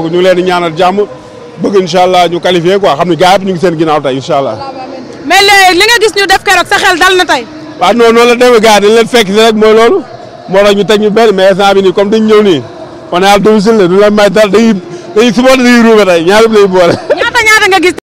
donc ñu leen di ñaanal jàmm bëgg incha ñu qualifié quoi xam ne ñu ngi seen ginnaaw tey incha allah. mais léegi ñu def keroog sa dal na tey. waaw non la demee gars leen fekk rek mooy loolu moo ñu teg ñu benn mais instant comme dañu ñëw nii on est à domicile la du la may dara dañuy dañuy suba dañuy ruube tey ñaar yëpp lay